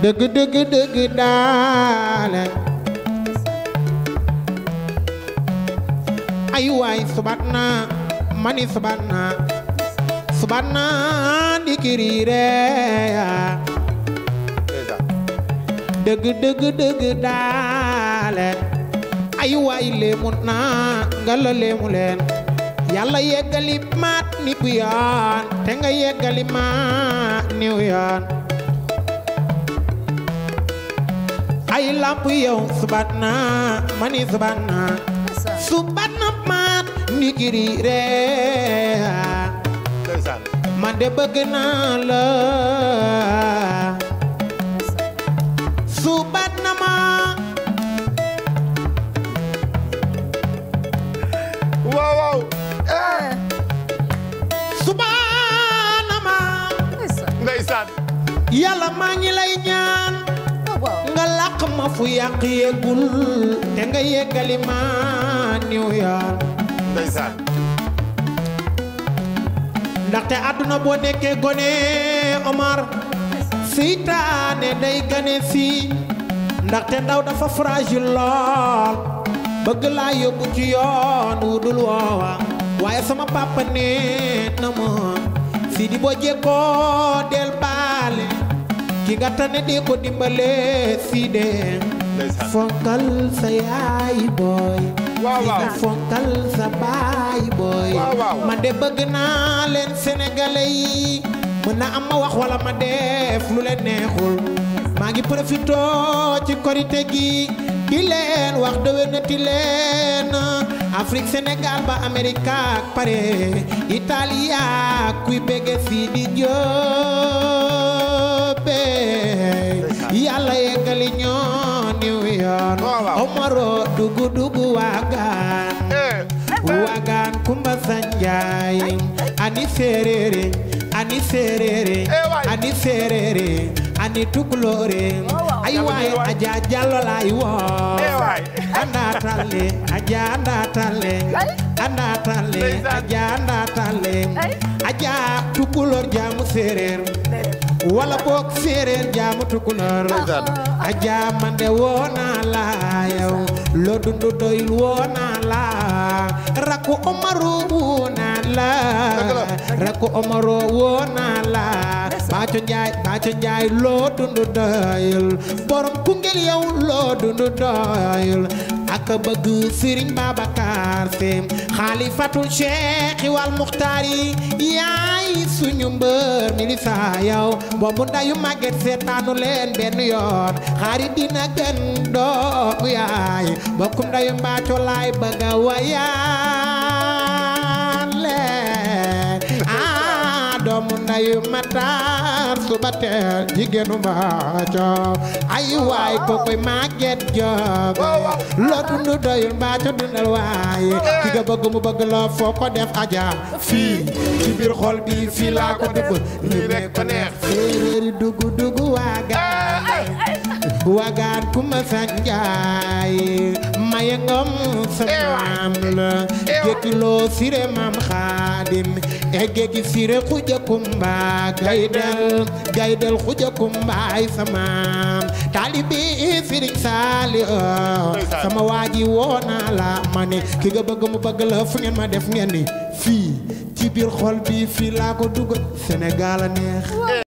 dëgg dëgg dëgg daale ay waay subat naa mani subat naa subat naa dikiriire yaa dëgg dëgg dëgg daale ay waay naa nga la leemu leen yàlla yeggali maat ni bu te nga yeggali maat niw yoon ay lamp yow na mani subat na subat na maat ni ree man de bëgg naa la subat na ma waaw waaw eh subat na ma ndeysaan maa ngi ñaan oh, nga yàq ma fu yàq yeggul te nga yeggali ndaxte àdduna boo nekkee gone Omar seytaane day gane si ndaxte ndaw dafa fragile lool bëgg laa yóbbu ci yoon wu dul woowa waaye sama papa na ma si di boo jekkoo de dinga tane di ko dimbale Side fonkal sa yaay booy waaw de bëgg naa leen sénégalais yi mën na am ma wax wala ma def lu leen neexul maa ngi profito ci korite gi di leen wax déwénati leen Afrique Sénégal ba Amérique ak Paris Italie kuy bëgg fii di jaaro dugu dugu waagaan eh, waagaan kumba sanjaay ani seereere ani seereere eh, ani seereere ani tukuloore oh, ay waay aja jallo lay woo eh, andaatalle aja andaatalle jaamu seereer wala boog seereer jaamu tukuloor uh-huh. aja mande woo naa loo dundu doyul woona la rakku Omaro woona la rakku Omaro woona la baaco njaay baaco njaay loo dundu doyul borom kungel yow loo dundu doyul ak bëgg Serigne Babacar Sy xaalifatul Cheikh wal Muxtaar yi yaay suñu mi li saa yow boobu ndayu seetaanu leen benn yoon xarit dina gën doomu yaay bokkum ndayu mbaaco laay bëgg a wayaan leen ah doomu ndayu mataa su ba teel jigéenu Mbaaco ay waay kookoy Maguette Diop loo dundu doyul Mbaaco dundal waaye eh. ki bëgg mu bëgg la foo ko def aja fii ci xol bi fii laa ko def lii rek ko neex féeréeri dugg dugg waagaan eh, eh, waagaan ku ma sa maam la jéggiloo sire maam xaadim e jéggi sire xuja kumba gaydel gaydel xuja kumba ay sa maam taalibi siriñ saali sama waaji woona la ma ne ki nga bëgg mu bëgg la fu ngeen ma def ngeen ni fii ci biir xol bi fii laa ko dugal Sénégal a neex